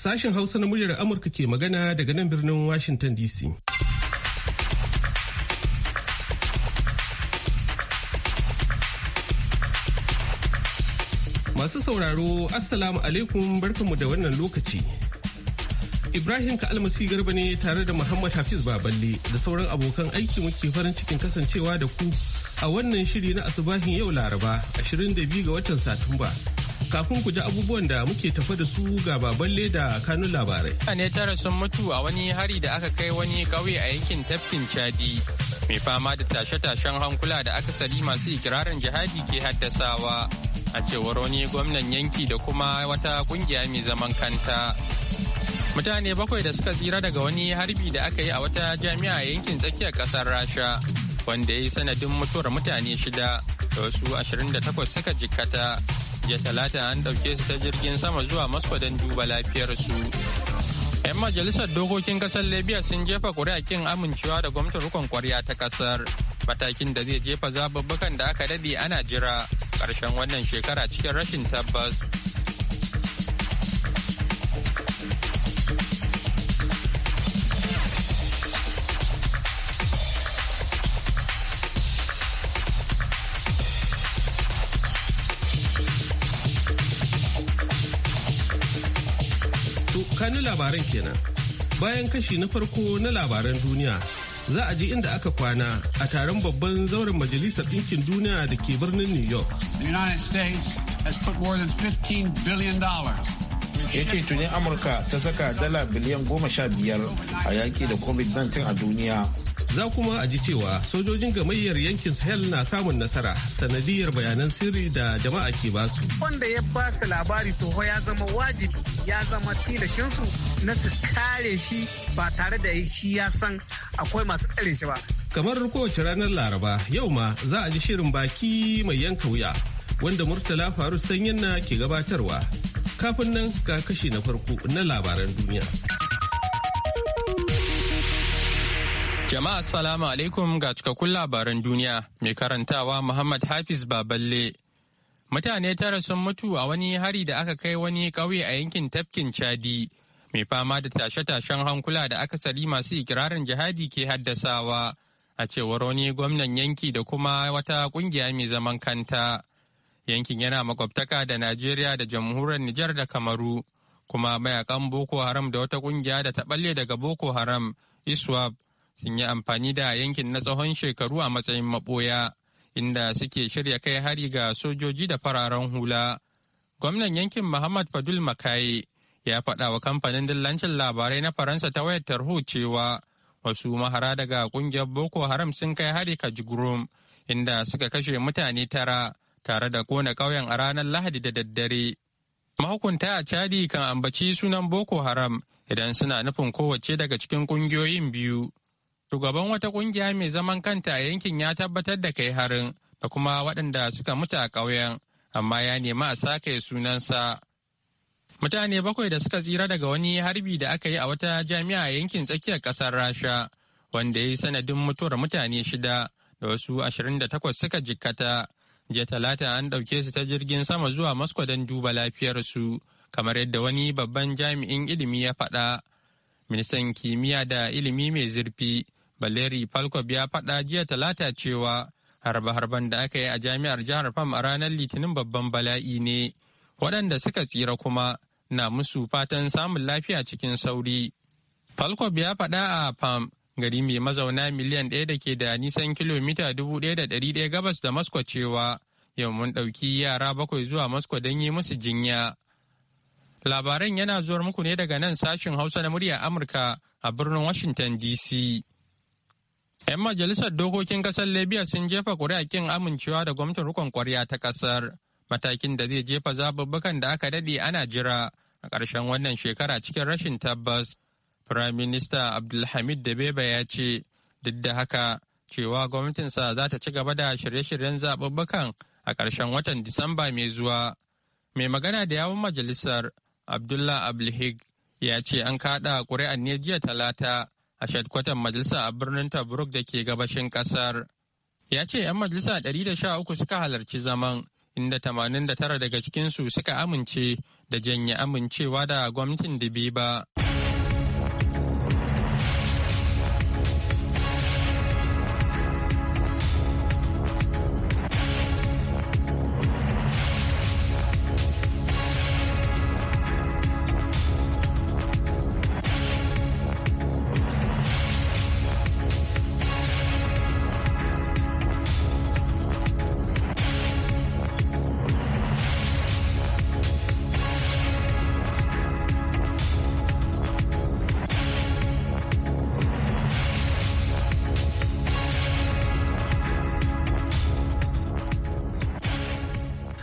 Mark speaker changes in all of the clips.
Speaker 1: Sashen Hausa na muryar Amurka ke magana daga nan birnin Washington DC. Masu sauraro, Assalamu alaikum barkanmu da wannan lokaci. Ibrahim Ka'almasi Garba ne tare da Muhammad Hafiz Baballe da sauran abokan aiki muke farin cikin kasancewa da ku a wannan shiri na asubahin yau Laraba 22 ga watan Satumba kafin ku ji abubuwan da muke tafa da su ga baban leda kanun labarai.
Speaker 2: Mutane tara sun mutu a wani hari da aka kai wani ƙauye a yankin tafkin Chadi. Mai fama da tashe-tashen hankula da aka sali masu ikirarin jihadi ke haddasawa. A cewar wani gwamnan yanki da kuma wata kungiya mai zaman kanta. Mutane bakwai da suka tsira daga wani harbi da aka yi a wata jami'a a yankin tsakiyar ƙasar Rasha. Wanda ya yi sanadin mutuwar mutane shida da wasu ashirin da takwas suka jikkata jiya talata an ɗauke su ta jirgin sama zuwa Moscow don duba lafiyarsu. 'Yan majalisar dokokin kasar Libya sun jefa kuri'a kin amincewa da gwamnatin rukun kwarya ta kasar. Matakin da zai jefa zababbukan da aka daɗe ana jira karshen wannan shekara cikin rashin tabbas
Speaker 1: tsakanin labaran kenan. Bayan kashi na farko na labaran duniya za a ji inda aka kwana a taron babban zauren majalisar ɗinkin duniya da ke birnin New York.
Speaker 3: The United States has put more than $15 amurka ta saka dala biliyan goma sha biyar a yaƙi da covid-19 a duniya
Speaker 1: za kuma a ji cewa sojojin gamayyar yankin sahel na samun nasara sanadiyar bayanan sirri da jama'a ke basu
Speaker 4: wanda ya ba su labari toho ya zama wajibi ya zama tilashinsu na su kare shi ba tare da shi ya san akwai masu tsare shi ba
Speaker 1: kamar kowace ranar laraba yau ma za a ji shirin baki mai yanka wuya wanda murtala faru sanyin na ke gabatarwa kafin nan ga kashi na farko na labaran duniya
Speaker 2: Jama'a salamu alaikum ga cikakkun labaran duniya mai karantawa Muhammad Hafiz Baballe. Mutane tara sun mutu a wani hari da aka kai wani ƙauye a yankin tafkin Chadi mai fama da tashe-tashen hankula da aka sari masu ikirarin jihadi ke haddasawa a cewar wani gwamnan yanki da kuma wata ƙungiya mai zaman kanta. Yankin yana makwabtaka da Najeriya da jamhuriyar Nijar da Kamaru kuma mayakan Boko Haram da wata ƙungiya da ta ɓalle daga Boko Haram Iswap sun yi amfani da yankin na tsawon shekaru a matsayin maɓoya inda suke shirya kai hari ga sojoji da fararen hula. Gwamnan yankin Muhammad Fadul Makaye ya faɗa wa kamfanin dillancin labarai na Faransa ta wayar tarho cewa wasu mahara daga ƙungiyar Boko Haram sun kai hari Kajigurum inda suka kashe mutane tara tare da kona ƙauyen a ranar Lahadi da daddare. Mahukunta a Chadi kan ambaci sunan Boko Haram idan suna nufin kowace daga cikin ƙungiyoyin biyu. Shugaban wata kungiya mai zaman kanta a yankin ya tabbatar da kai harin da kuma waɗanda suka mutu a ƙauyen, amma ya nema a sake sunansa. Mutane bakwai da suka tsira daga wani harbi da aka yi a wata jami'a a yankin tsakiyar ƙasar Rasha, wanda ya yi sanadin mutuwar mutane shida da wasu ashirin da 28 suka jikkata. Jiya talata an ɗauke su ta jirgin sama zuwa Moscow don duba lafiyarsu, kamar yadda wani babban jami'in ilimi ya faɗa. Ministan kimiyya da ilimi mai zurfi Valeri Falkov ya faɗa jiya talata cewa harbe-harben da aka yi a jami'ar jihar Fam a ranar Litinin babban bala'i ne, waɗanda suka tsira kuma na musu fatan samun lafiya cikin sauri. Falkov ya faɗa a Fam gari mai mazauna miliyan ɗaya da ke da nisan kilomita dubu ɗaya da ɗari ɗaya gabas da Moscow cewa yau mun ɗauki yara bakwai zuwa Moscow don yi musu jinya. Labaran yana zuwar muku ne daga nan sashin Hausa na murya Amurka a birnin Washington DC. 'Yan majalisar dokokin kasar Libya sun jefa ƙuri'a kin amincewa da gwamnatin rikon ƙwarya ta kasar, matakin da zai jefa zaɓuɓɓukan da aka daɗe ana jira a ƙarshen wannan shekara cikin rashin tabbas. Firayim Minista Abdulhamid Dabeba ya ce, duk da haka cewa gwamnatinsa za ta ci gaba da shirye-shiryen zaɓuɓɓukan a ƙarshen watan Disamba mai zuwa. Mai magana da yawun majalisar Abdullah Abulhig ya ce an kaɗa ƙuri'an ne jiya talata a shadkwatan majalisa a birnin Tabruk da ke gabashin ƙasar, Ya ce 'yan majalisa 113 suka halarci zaman inda tamanin da tara daga cikinsu suka amince da janye amincewa da gwamnatin Dibiba. ba.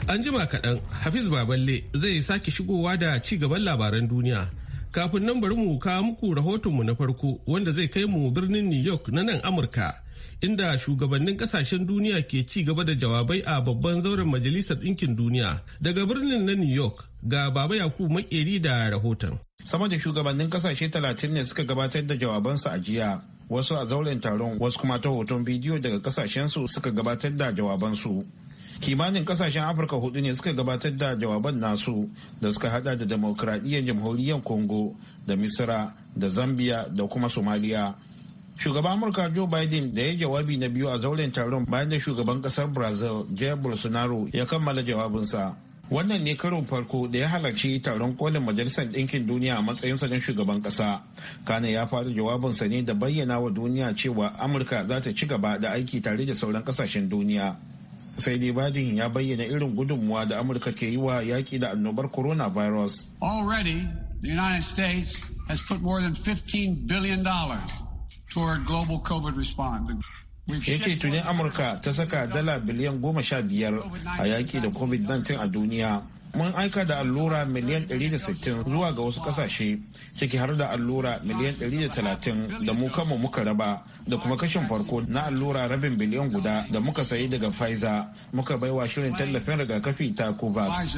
Speaker 1: An jima kaɗan Hafiz Baballe zai sake shigowa da ci gaban labaran duniya. Kafin nan bari mu kawo muku rahotonmu na farko wanda zai kai mu birnin New York na nan Amurka. Inda shugabannin kasashen duniya ke ci gaba da jawabai a babban zauren Majalisar Ɗinkin Duniya. Daga birnin na New York
Speaker 3: ga Baba Yakubu Makeri da rahoton. Sama da shugabannin kasashe talatin ne suka gabatar da jawabansu a jiya. Wasu a zauren taron wasu kuma ta hoton bidiyo daga kasashensu suka gabatar da jawabansu. kimanin kasashen afirka hudu ne suka gabatar da jawaban nasu da suka hada da demokradiyyar jamhuriyar congo da misira da zambia da kuma Somalia. shugaban amurka joe biden da ya jawabi na biyu a zauren taron bayan da shugaban kasar brazil jair bolsonaro ya kammala jawabinsa wannan ne karon farko da ya halarci taron kolin majalisar ɗinkin duniya a matsayinsa na shugaban ƙasa kane ya fara jawabinsa ne da bayyana wa duniya cewa amurka za ta ci gaba da aiki tare da sauran ƙasashen duniya sai dai Biden ya bayyana irin gudunmuwa da Amurka ke yi wa yaƙi da annobar coronavirus.
Speaker 5: Already, the United States has put more than $15 billion toward global COVID response.
Speaker 3: yake tunin amurka ta saka dala biliyan goma sha biyar a yaƙi da covid-19 a duniya mun aika da allura miliyan 160 zuwa ga wasu kasashe ciki har da allura miliyan 130 da mu kama muka raba da kuma kashin farko na allura rabin biliyan guda da muka sayi daga Pfizer muka wa shirin tallafin rigakafi ta COVAX.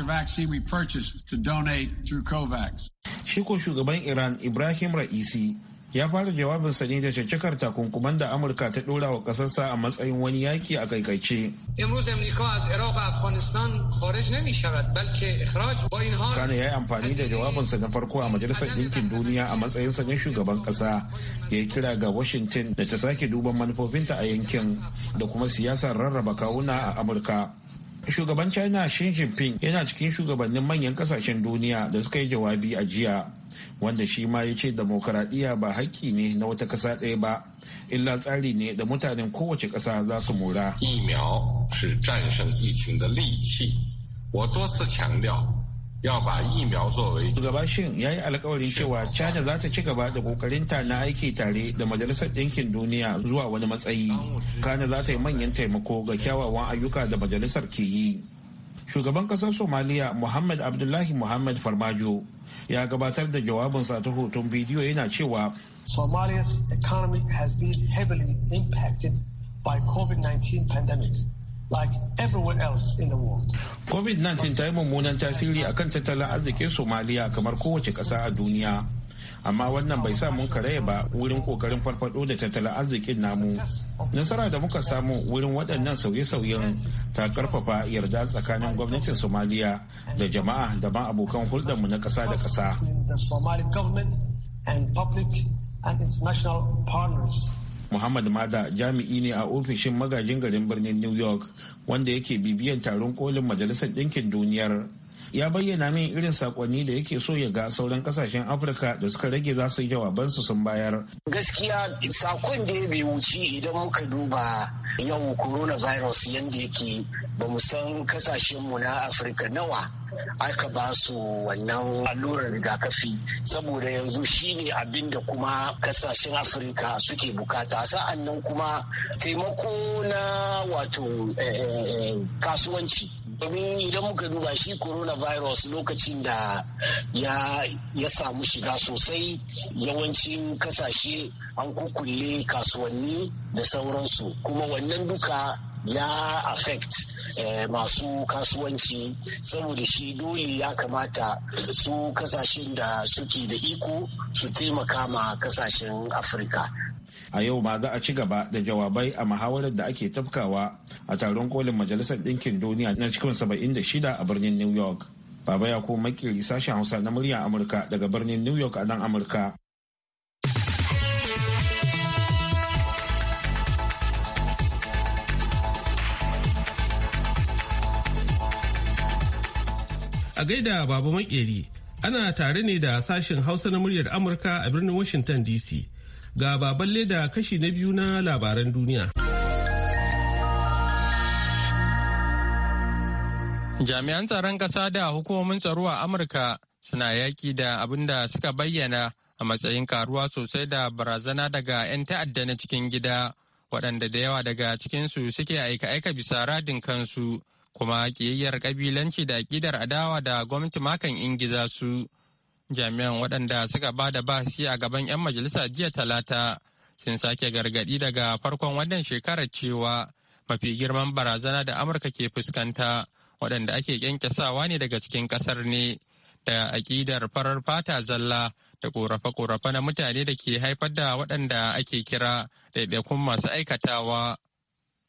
Speaker 3: Shi ko shugaban Iran Ibrahim Ra'isi ya fara jawabinsa ne da cancakar takunkuman da amurka ta dora wa kasarsa a matsayin wani yaki a kaikaice kana ya yi amfani da jawabinsa na farko a majalisar ɗinkin duniya a matsayin sa na shugaban ƙasa ya kira ga washington da ta sake duban manufofinta a yankin da kuma siyasar rarraba kawuna a amurka shugaban china xi jinping yana cikin shugabannin manyan kasashen duniya da suka yi jawabi a jiya wanda shi ma ya ce demokaradiyya ba haƙƙi ne na wata ƙasa ɗaya ba illa tsari ne da mutanen kowace ƙasa za su mora.
Speaker 2: Shugaba
Speaker 3: Shin ya yi alkawarin cewa China za ta ci gaba da kokarinta na aiki tare da Majalisar Ɗinkin Duniya zuwa wani matsayi. Kana za ta yi manyan taimako ga kyawawan ayyuka da majalisar ke yi. Shugaban ƙasar Somaliya Muhammad Abdullahi Muhammad Farmajo ya gabatar da jawabinsa ta hoton bidiyo yana cewa
Speaker 1: Somalia's economy has been heavily impacted by COVID-19
Speaker 3: pandemic.
Speaker 4: Like everywhere else in the world.
Speaker 3: COVID-19 ta yi mummunan tasiri akan tattalin arzikin Somaliya kamar kowace ƙasa a duniya. amma wannan bai sa mun karaya ba wurin kokarin farfado da tattalin arzikin namu nasara da muka samu wurin waɗannan sauye-sauyen ta karfafa yarda tsakanin gwamnatin somaliya da jama'a da ma abokan hulɗarmu na ƙasa da ƙasa Muhammad Mada jami'i ne a ofishin magajin garin birnin New York wanda yake bibiyan taron kolin Majalisar Ɗinkin Duniyar ya bayyana min irin sakonni da yake so ya ga sauran kasashen afirka da suka rage za su yi jawabansu sun bayar
Speaker 5: gaskiya sakon da ya bai wuce idan muka duba yau coronavirus yadda yake ba mu san mu na afirka nawa aka ba su wannan allurar rigakafi saboda yanzu shine abin da kuma kasashen afirka suke bukata sa'an nan kuma taimako na wato eh, eh, eh, kasuwanci domin idan muka duba shi coronavirus lokacin da ya samu shiga sosai yawancin kasashe an kukulle kasuwanni da sauransu kuma wannan duka ya affect eh, masu kasuwanci saboda shi dole ya kamata
Speaker 3: su kasashen da suke da iko su taimaka ma kasashen afirka a yau ma za a ci gaba da jawabai a muhawarar da ake tafkawa a taron kolin majalisar ɗinkin duniya na cikin 76 a birnin new york baba ya ko makiri sashen hausa na murya amurka daga birnin new york a nan amurka
Speaker 1: a gaida baba makeri ana tare ne da sashen hausa na muryar amurka a birnin washington dc Ga baballe da kashi na biyu na labaran duniya.
Speaker 2: Jami'an tsaron ƙasa da hukumomin tsaro a Amurka suna yaƙi da abin da suka bayyana a matsayin karuwa sosai da barazana daga 'yan ta'adda na cikin gida waɗanda da yawa daga cikinsu suke aika-aika bisa radin kansu kuma ƙiyayyar ƙabilanci da ƙidar adawa da gwamnati makan ingiza su. jami'an waɗanda suka ba da bahasi a gaban 'yan majalisa jiya talata sun sake gargaɗi daga farkon wannan shekarar cewa mafi girman barazana da amurka ke fuskanta waɗanda ake kyankyasawa ne daga cikin ƙasar ne da aƙidar farar fata zalla da ƙorafe-ƙorafe na mutane da ke haifar da waɗanda ake kira ɗaiɗaikun masu aikatawa.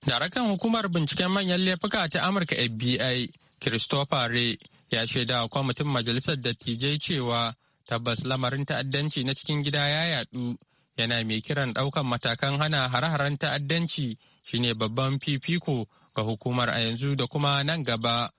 Speaker 2: Darakan hukumar binciken manyan laifuka ta Amurka FBI, Christopher Ray, ya shaida wa kwamitin majalisar dattijai cewa tabbas lamarin ta'addanci na cikin gida ya yadu yana mai kiran daukan matakan hana hare-haren ta'addanci shine babban fifiko ga hukumar a yanzu da kuma nan gaba.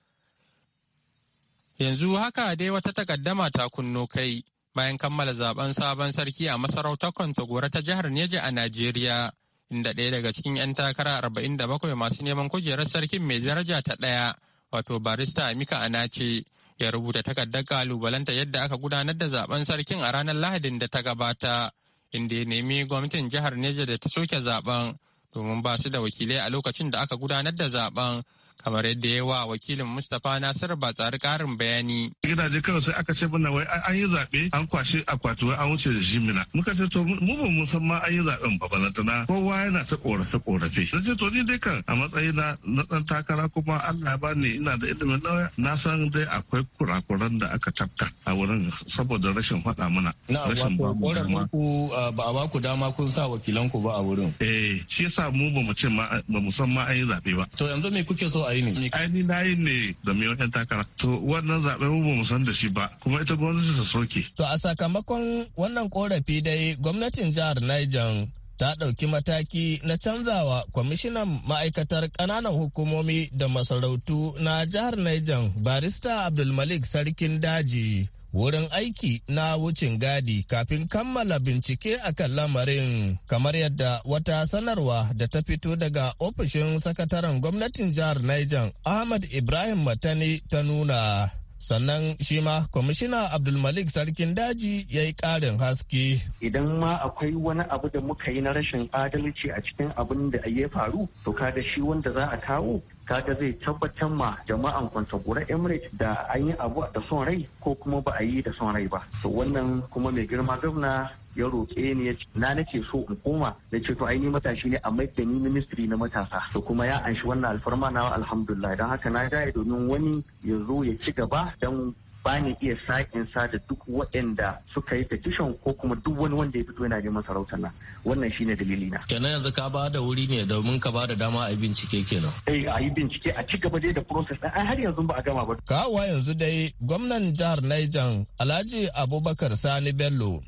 Speaker 2: Yanzu haka dai wata takaddama ta kunno kai bayan kammala zaben sabon sarki a masarautar Kwantagora ta jihar Neja a Najeriya, inda ɗaya daga cikin 'yan takara 47 masu neman kujerar sarkin mai daraja ta ɗaya wato barista Amika ce ya rubuta takardar kalubalanta yadda aka gudanar da zaben sarkin a ranar Lahadin da ta gabata inda ya nemi gwamnatin jihar Neja da ta soke zaben domin ba su da wakilai a lokacin da aka gudanar da zaben kamar yadda ya wa wakilin Mustapha Nasiru ba tsari karin bayani. Gidaje
Speaker 6: kawai sai aka ce mana wai an yi zaɓe an kwashe akwati an wuce da jimina. Muka ce to mu ba mu san ma an yi zaɓen ba balantana kowa yana ta korafe korafe. Na ce to ni dai kan a matsayina na ɗan takara kuma Allah ba bani ina da ilimin lauya na san dai akwai kurakuran da aka tafka a wurin saboda rashin faɗa mana. Na ba uh, Ba a ba ku dama kun sa wakilanku ba a wurin. Eh shi yasa mu ba mu ce ma ba mu san ma an yi zaɓe ba. To yanzu me kuke so a aini na yi ne da mai wajen takara to wannan mu mu san da shi ba kuma ita gwamnati ta soke to a sakamakon wannan korafi dai gwamnatin jihar Niger ta ɗauki mataki na canzawa kwamishinan ma'aikatar ƙananan hukumomi da masarautu na jihar Niger barista Abdulmalik sarkin daji wurin aiki na wucin gadi kafin kammala bincike akan lamarin kamar yadda wata sanarwa da ta fito daga ofishin sakataren gwamnatin jihar Niger Ahmad Ibrahim Matani ta nuna. sannan shi ma kwamishina abdulmalik sarkin daji ya yi karin haske idan ma akwai wani abu da muka yi na rashin adalci a cikin abin da ya faru to kada shi wanda za a kawo
Speaker 7: kaga zai tabbatar ma jama'an kwantagura emirates da an yi abu da son rai ko kuma ba a yi da son rai ba to wannan kuma mai girma gwamna ya roƙe ni ya ce na nake so in koma da ce to aini matashi ne a da ni ministry na matasa to kuma ya anshi wannan alfarma na alhamdulillah don haka na jaye domin wani ya zo ya ci gaba don ba ni iya sa'in sa da duk waɗanda suka yi petition ko kuma duk wani wanda ya fito yana neman masarautar nan wannan shine dalili na kenan yanzu ka ba da wuri ne domin ka ba da dama a yi bincike kenan eh a
Speaker 6: yi bincike a ci gaba dai da process din har yanzu ba a gama ba kawai yanzu dai gwamnan jihar Niger Alhaji Abubakar Sani Bello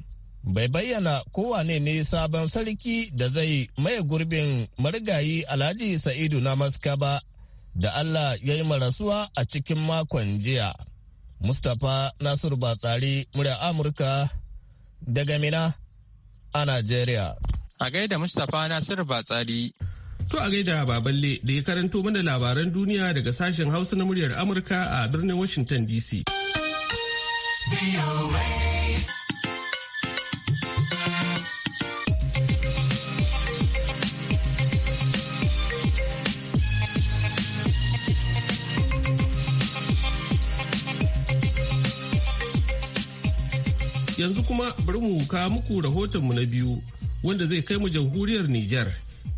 Speaker 6: bai bayyana kowane ne sabon sarki da zai maye gurbin marigayi alhaji sa'idu na maska ba da allah ya yi marasuwa a cikin makon jiya mustapha nasiru batsari murya amurka daga mina
Speaker 2: a nigeria a gaida mustapha nasiru batsari to a gaida baballe da ya karanto mana
Speaker 1: labaran duniya daga sashen hausa na muryar amurka a birnin washington dc Yanzu kuma bari mu ka muku rahotonmu na biyu wanda zai kai mu jamhuriyar Nijar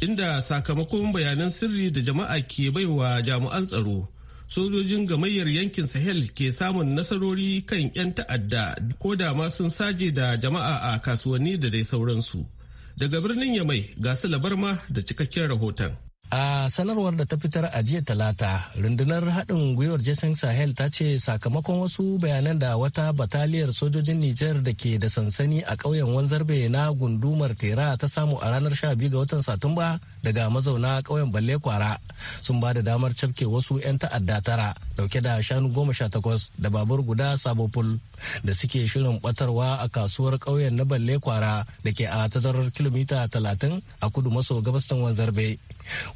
Speaker 1: inda sakamakon bayanan sirri da jama'a ke baiwa jami'an tsaro. sojojin gamayyar yankin sahel ke samun nasarori kan 'yan ta'adda ko da ma sun saje da jama'a a kasuwanni da dai sauransu daga birnin yamai ga su labarma da cikakken rahoton
Speaker 7: A sanarwar da ta fitar a jiya talata, rundunar haɗin gwiwar Jason Sahel ta ce sakamakon wasu bayanan da wata bataliyar sojojin Nijar da ke da sansani a ƙauyen wanzarbe na gundumar tera ta samu a ranar 12 ga watan Satumba daga mazauna ƙauyen Balle Kwara sun ba da damar cafke wasu 'yan ta'adda tara dauke da shanu goma sha takwas da babur guda sabopul da suke shirin batarwa a kasuwar ƙauyen na Balle Kwara da ke a tazarar kilomita talatin a kudu maso gabastan wanzarbe.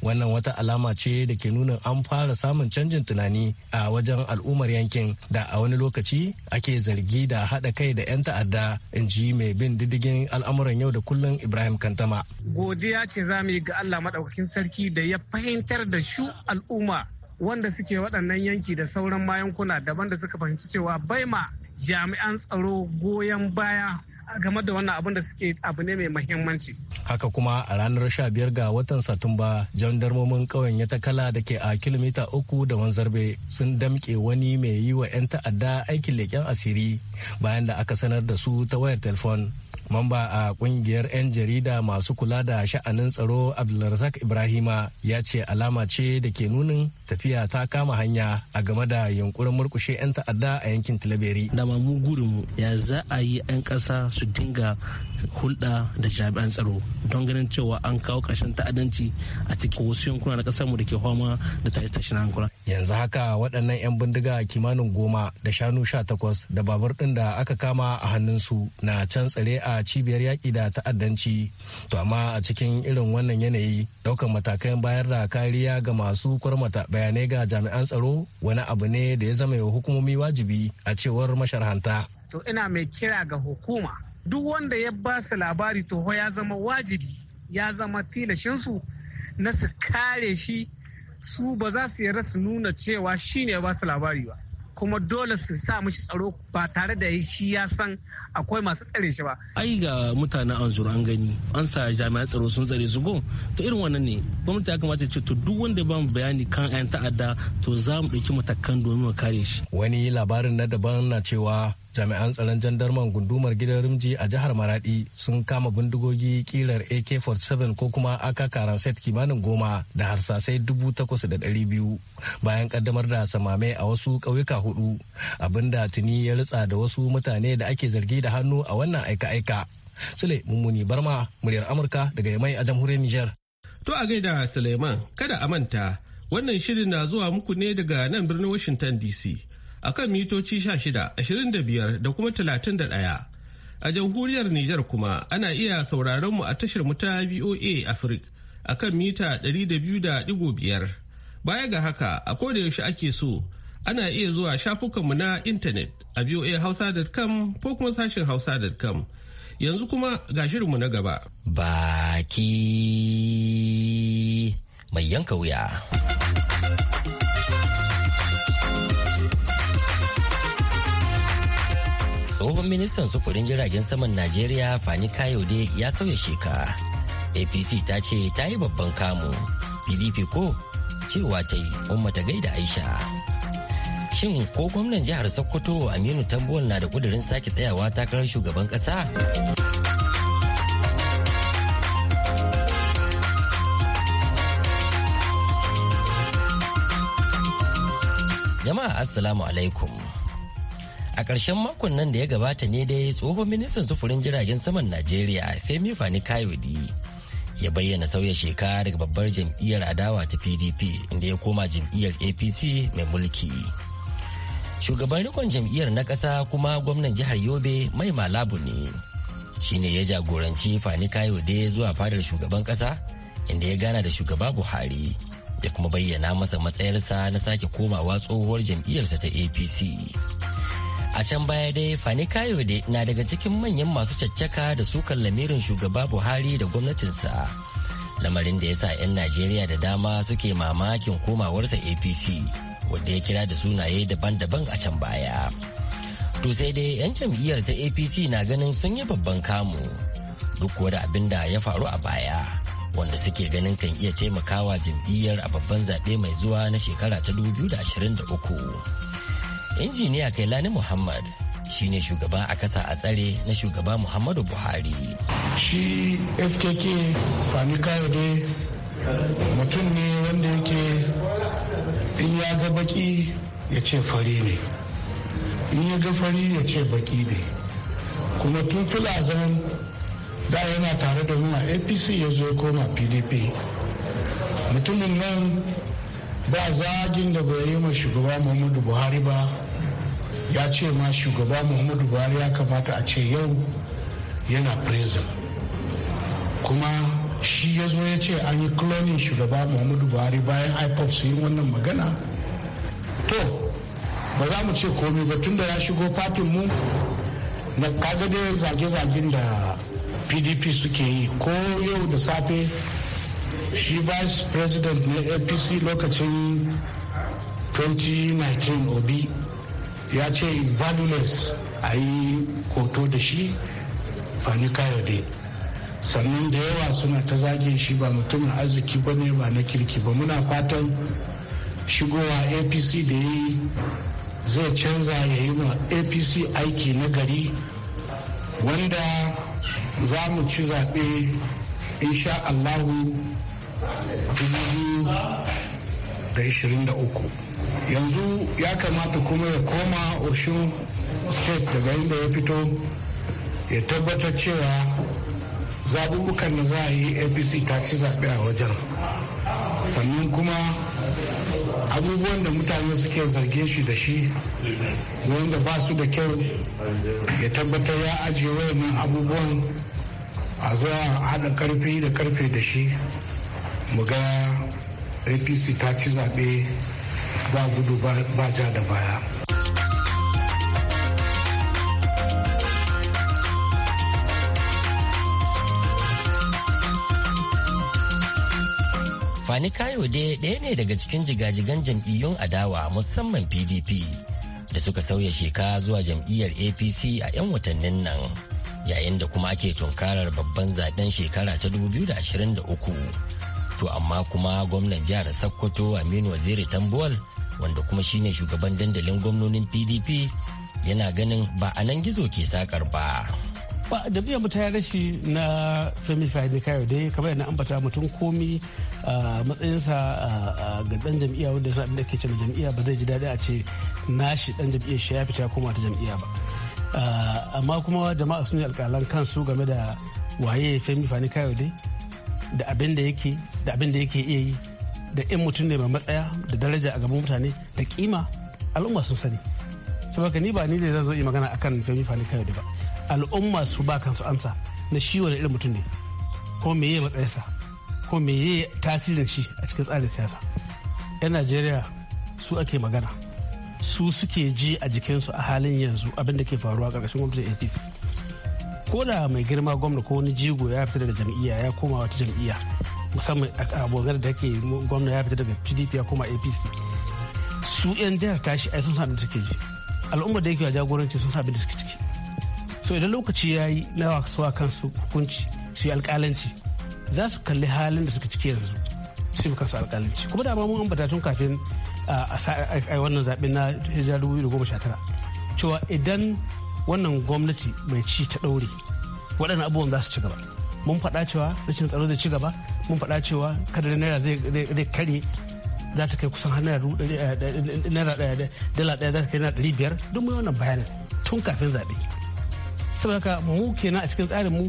Speaker 7: wannan wata alama ce da ke nuna an fara samun canjin tunani a wajen al'ummar yankin da a wani lokaci ake zargi da haɗa kai da 'yan ta'adda in ji mai bin diddigin al'amuran yau da kullum ibrahim kantama
Speaker 4: godiya ce za mu yi ga allah maɗaukakin sarki da ya fahimtar da shu al'umma wanda suke waɗannan yanki da sauran ma daban da suka fahimci cewa bai ma jami'an tsaro goyon baya game da wannan abin da suke abu ne mai mahimmanci.
Speaker 7: Haka kuma a ranar sha biyar ga watan Satumba, jandarmomin ƙauyen ya takala da ke a kilomita uku da wanzarbe sun damƙe wani mai yi wa 'yan ta'adda aikin leƙen asiri bayan da aka sanar da su ta wayar telefon. Mamba a kungiyar 'yan jarida masu kula da sha'anin tsaro Abdulrazak Ibrahima ya ce alama ce da ke nunin tafiya ta kama hanya a game da yunkurin murkushe 'yan ta'adda a yankin Tilaberi. Dama mu gurinmu ya za a yi 'yan ƙasa su dinga hulɗa da jami'an tsaro
Speaker 4: don ganin cewa an kawo ƙarshen ta'addanci a cikin wasu yankuna na ƙasarmu da ke fama da na hankula.
Speaker 7: Yanzu haka waɗannan 'yan bindiga kimanin goma da shanu sha takwas da babur ɗin da aka kama a hannunsu na can tsare a cibiyar yaƙi da ta'addanci. To amma a cikin irin wannan yanayi ɗaukar matakan bayar da kariya ga masu kwarmata bayanai ga jami'an tsaro wani abu ne da ya zama wa hukumomi wajibi a cewar masharhanta.
Speaker 4: to ina mai kira ga hukuma duk wanda ya ba su labari to ya zama wajibi ya zama tilashinsu na su kare shi su ba za su yarda su nuna cewa shi ne ba su labari ba kuma dole su sa mishi tsaro ba tare da shi ya san akwai masu tsare shi ba.
Speaker 7: Ai ga mutanen zuru an gani an sa jami'an tsaro sun tsare su go to irin wannan ne gwamnati ya kamata ce to duk wanda ba mu bayani kan ayan ta'adda to za mu ɗauki matakan domin mu kare shi. Wani labarin na daban na cewa jami'an tsaron jandarman gundumar gidan rimji a jihar maradi sun kama bindigogi kilar ak-47 ko kuma aka karan set kimanin goma da harsasai dubu takwas da biyu, bayan kaddamar da samame a wasu ƙauyuka hudu abinda tuni ya ritsa da wasu mutane da ake zargi da hannu a wannan aika-aika sule mummuni barma muryar amurka daga yamai a jamhuriyar niger to a gaida suleiman kada a manta wannan
Speaker 1: shirin na zuwa muku ne daga nan birnin washington dc akan mitoci 16, 25 da kuma 31. A jamhuriyar Nijar kuma ana iya sauraron mu a tashar mu ta VOA Africa akan mita 200.5. Baya ga haka a koda yaushe ake so ana iya zuwa shafukanmu na intanet a voahausa.com ko kuma sashin hausa.com. Yanzu kuma ga shirinmu na gaba.
Speaker 8: Baki mai yanka wuya. tsohon ministan sufurin jiragen saman najeriya fani kayode ya sauya sheka apc ta ce ta yi babban kamu pdp ko cewa ta yi umma gaida aisha shin ko gwamnan jihar sokoto aminu tambuwal na da kudirin sake tsayawa takarar shugaban kasa jama'a assalamu alaikum a ƙarshen makon nan da ya gabata ne dai tsohon ministan sufurin jiragen saman najeriya femi fani kayodi ya bayyana sauya shekara daga babbar jam'iyyar adawa ta pdp inda ya koma jam'iyyar apc mai mulki shugaban rikon jam'iyyar na ƙasa kuma gwamnan jihar yobe mai malabu ne shine ya jagoranci fani kayode zuwa fadar shugaban ƙasa inda ya gana da shugaba buhari ya kuma bayyana masa matsayarsa na sake komawa tsohuwar jam'iyyarsa ta apc a can baya dai fani kayode na daga cikin manyan masu caccaka da sukan lamirin shugaba buhari da gwamnatinsa lamarin da ya sa 'yan najeriya da dama suke mamakin komawarsa apc wadda ya kira da sunaye daban-daban a can baya to sai dai 'yan jam'iyyar ta apc na ganin sun yi babban kamu duk da abin da ya faru a baya wanda suke ganin kan iya taimakawa jam'iyyar a babban zaɓe mai zuwa na shekara ta 2023 injiniya kailani muhammad shine shugaba a kasa a tsare na shugaba muhammadu buhari shi fkk
Speaker 5: fani kayode mutum ne wanda yake in ya ga baki ya ce fari ne in ya ga fari ya ce baki ne kuma tun filazan da yana tare da mu a apc ya zo ya koma pdp mutumin nan ba zagin da bai yi ma shugaba muhammadu buhari ba ya ce ma shugaba muhammadu buhari ya kamata a ce yau yana prison kuma shi ya zo ya ce an yi cloning shugaba muhammadu buhari bayan ipod su yi wannan magana to ba za mu ce komai ba tun da ya shigo fatin mu na kaga da zage-zagen da pdp suke yi ko yau da safe shi vice president na apc lokacin 2019 obi ya ce valueless a yi hoto da shi fani kayode sannan da yawa suna ta zagin shi ba mutumin arziki ba ne ba na kirki ba muna fatan shigowa apc da ya yi zai canza ya yi ma apc aiki na gari wanda za mu ci zaɓe insha allahu 2023 yanzu ya kamata kuma ya koma oshun state daga inda ya fito ya tabbatar cewa zaɓuɓɓukan da za a yi apc ta ci zaɓe a wajen sannan kuma abubuwan da mutane suke zarge shi da shi wanda ba su da kyau ya tabbatar ya ajiye wayannan abubuwan a za a haɗa karfi da karfe da shi mu ga apc ta ci zaɓe ba gudu ba ja da baya
Speaker 8: Fani Kayo dai ɗaya ne daga cikin jigajigan jam'iyyun adawa musamman PDP da suka sauya sheka zuwa jam'iyyar APC a 'yan watannin nan yayin da kuma ake tunkarar babban zaɓen shekara ta 2023. To amma kuma gwamnan jihar Sokoto Aminu Waziri Tambuwal wanda kuma shine shugaban dandalin gwamnonin pdp yana ganin ba a nan gizo ke sakar ba
Speaker 4: ba da biyan mutane rashi na femi fahimi kayo dai kamar yana ambata mutum komi a matsayinsa ga dan jam'iyya wanda ya da ke cewa jam'iyya ba zai ji daɗi a ce nashi dan jam'iyya shi ya fita koma ta jam'iyya ba amma kuma jama'a sun yi alƙalan kansu game da waye femi fahimi kayo dai da abin da yake iya yi da in mutum ne mai matsaya da daraja a gaban mutane da kima al'umma sun sani saboda ni ba ni ne zan zo yi magana akan femi kai kayo ba al'umma su ba kansu amsa na shi wani irin mutum ne ko me ya matsayarsa ko me meye tasirin shi a cikin tsarin siyasa yan najeriya su ake magana su suke ji a jikinsu a halin yanzu abin da ke faruwa a ƙarƙashin gwamnatin apc ko da mai girma gwamna ko wani jigo ya fita daga jam'iyya ya koma wata jam'iyya musamman a bogar da ke gwamna ya fita daga pdp ya koma apc su yan jihar tashi ai sun sami da suke ji al'ummar da yake a jagoranci sun sami da suke ciki so idan lokaci ya yi na wasuwa kansu hukunci su yi alƙalanci za su kalli halin da suke ciki yanzu su yi kansu alƙalanci kuma da mun ambata tun kafin a wannan zaɓe na hijira 2019 cewa idan wannan gwamnati mai ci ta ɗaure waɗannan abubuwan za su ci gaba mun faɗa cewa rashin tsaro da ci gaba mun faɗa cewa kada naira zai kare za ta kai kusan har naira eh, eh, eh, dala ɗaya za ta kai naira ɗari biyar don mu wannan bayanin tun kafin zaɓe saboda haka mu kenan a cikin tsarin mu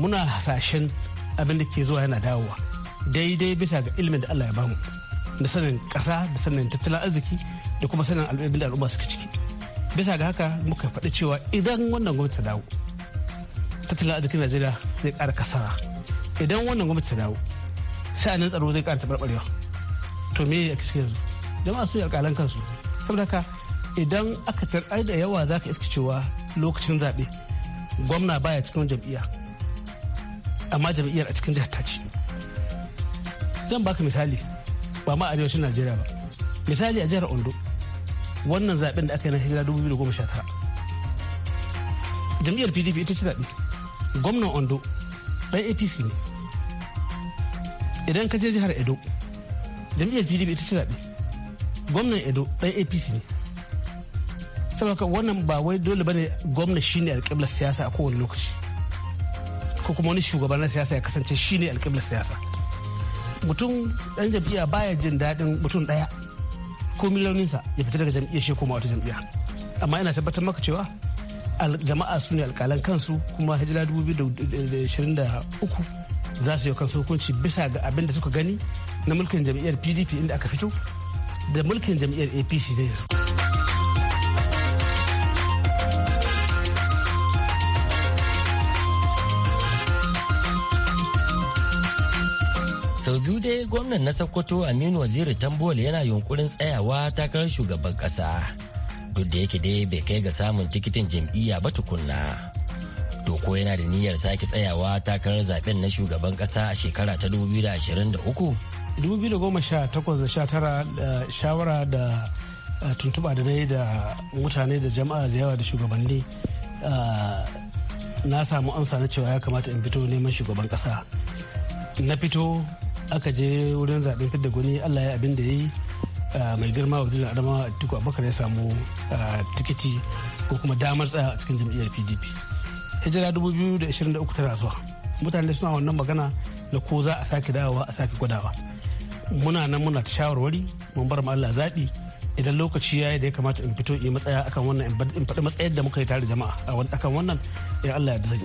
Speaker 4: muna hasashen abin da ke zuwa yana dawowa daidai bisa ga ilimin da Allah ya bamu da sanin ƙasa da sanin tattalin arziki da kuma sanin al'ummar da al'umma suka ciki bisa ga haka muka faɗi cewa idan wannan gwamnati ta dawo tattalin arzikin Najeriya zai ƙara kasara idan wannan gwamnati ta dawo nan tsaro zai ƙara taɓarɓarewa to me ya kishi yanzu jama'a su yi alƙalan kansu saboda ka idan aka tarɗa da yawa za ka iska cewa lokacin zaɓe gwamna baya cikin jam'iyya amma jam'iyyar a cikin jihar ta ce zan baka misali ba ma arewacin najeriya ba misali a jihar ondo wannan zaɓen da aka yi na hijira 2019 jam'iyyar pdp ita ce zaɓe gwamnan ondo ɗan apc ne idan ka je jihar edo jam'iyyar pdp ita ce zaɓe gwamnan edo ɗan apc ne saboda wannan ba wai dole bane gwamna shine alƙiblar siyasa a kowane lokaci ko kuma wani shugaban na siyasa ya kasance shine alƙiblar siyasa mutum ɗan jam'iyya baya jin daɗin mutum ɗaya ko miliyoninsa ya fita daga jam'iyya shi koma wata jam'iyya amma ina tabbatar maka cewa jama'a su ne alƙalan kansu kuma hijira 2023 za su yi kansu hukunci bisa ga abin da suka gani na mulkin jam'iyyar pdp inda aka fito da mulkin jam'iyyar apc da yanzu
Speaker 8: sau biyu dai gwamnan na sokoto aminu waziri tambol yana yunkurin tsayawa takarar shugaban kasa duk da yake dai bai kai ga samun tikitin jam'iyya ba tukunna to ko yana da niyyar sake tsayawa takarar zaben na shugaban kasa a shekara ta 2023 2018
Speaker 4: shawara da uh, tuntuba da na yi da mutane da jama'a da yawa da shugabanni uh, na samu amsa na cewa ya kamata in fito neman shugaban kasa na fito aka je wurin zaɓen fidda gwani allah ya abin da ya yi uh, mai girma wa zirin adama tuku abokan ya samu tikiti ko kuma damar tsaya a cikin jam'iyyar pdp hijira 2023 tana zuwa mutane suna wannan magana da ko za a sake dawowa a sake gwadawa muna nan muna ta shawarwari mun bar Allah zaɓi idan lokaci ya yi da ya kamata in fito in yi matsaya akan wannan in faɗi matsayar da muka yi tare jama'a akan wannan ya Allah ya zan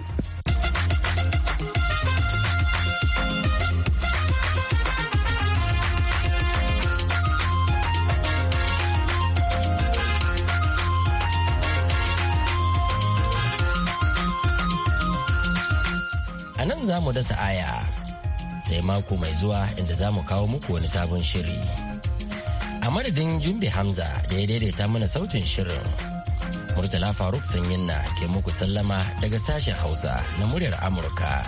Speaker 8: mu dasa aya sai mako mai zuwa inda za mu kawo muku wani sabon shiri. A madadin Jumbe Hamza da ya daidaita mana sautin shirin. Murtala Faruk Sanyin na ke muku sallama daga sashen Hausa na muryar Amurka.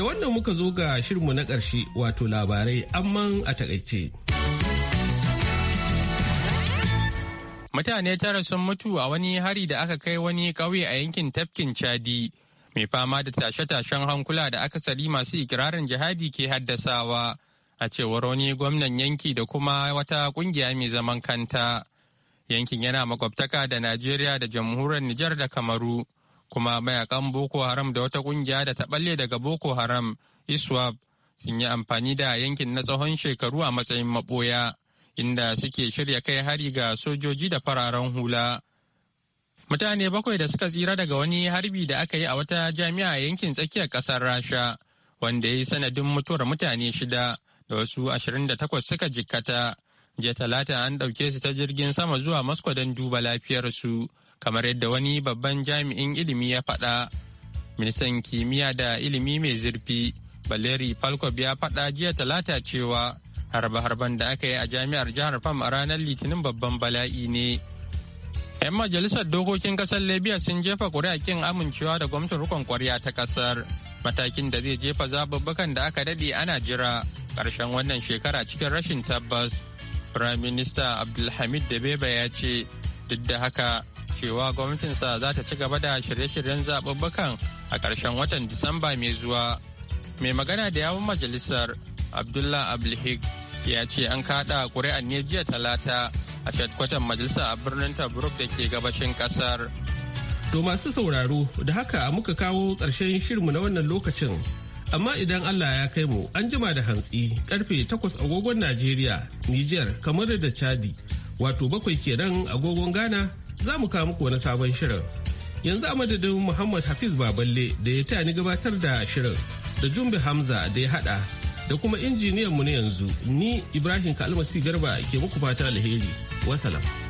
Speaker 1: Da wannan muka zo ga shirinmu na ƙarshe wato labarai amman a takaice.
Speaker 2: Mutane tara sun mutu a wani hari da aka kai wani ƙauye a yankin tafkin Chadi mai fama da tashe-tashen hankula da aka akasari masu ikirarin jihadi ke haddasawa a cewar wani gwamnan yanki da kuma wata ƙungiya mai zaman kanta. Yankin yana makwabtaka da Najeriya da jamhuriyar Nijar da Kamaru. kuma mayakan boko haram da wata kungiya da ta balle daga boko haram iswap sun yi amfani da yankin na tsawon shekaru a matsayin maboya inda suke shirya kai hari ga sojoji da fararen hula mutane bakwai da suka tsira daga wani harbi da aka yi a wata jami'a yankin tsakiyar kasar rasha wanda ya yi sanadin mutuwar mutane shida da wasu ashirin da takwas suka jikkata jiya talata an ɗauke su ta jirgin sama zuwa moscow don duba lafiyarsu kamar yadda wani babban jami'in ilimi ya faɗa ministan kimiyya da ilimi mai zurfi Valeri Falkov ya faɗa jiya talata cewa harba-harban da aka yi a jami'ar jihar Fam a ranar Litinin babban bala'i ne. 'Yan majalisar dokokin kasar Libya sun jefa ƙuri'a kin amincewa da gwamnatin rukun kwarya ta kasar. Matakin da zai jefa zababbakan da aka daɗe ana jira karshen wannan shekara cikin rashin tabbas. Firayim Minista Abdulhamid Dabeba ya ce, duk da haka cewa gwamnatinsa za ta ci gaba da shirye-shiryen zaɓuɓɓukan a ƙarshen watan Disamba mai zuwa. Mai magana da yawun majalisar Abdullah Abdulhik ya ce an kaɗa ƙuri'ar ne jiya talata a shadkwatan majalisa a birnin Tobruk da ke gabashin ƙasar.
Speaker 1: To masu sauraro da haka muka kawo ƙarshen shirmu na wannan lokacin. Amma idan Allah ya kai mu an jima da hantsi ƙarfe takwas agogon Najeriya, Nijar, kamar da Chadi, wato bakwai kenan agogon Ghana za mu kawo muku wani sabon shirin. Yanzu a madadin Muhammad Hafiz Baballe da ya taya ni gabatar da shirin da Jumbe Hamza da ya haɗa da kuma injiniyan mu na yanzu ni Ibrahim Kalmasi Garba ke muku fata alheri.
Speaker 6: Wasalam.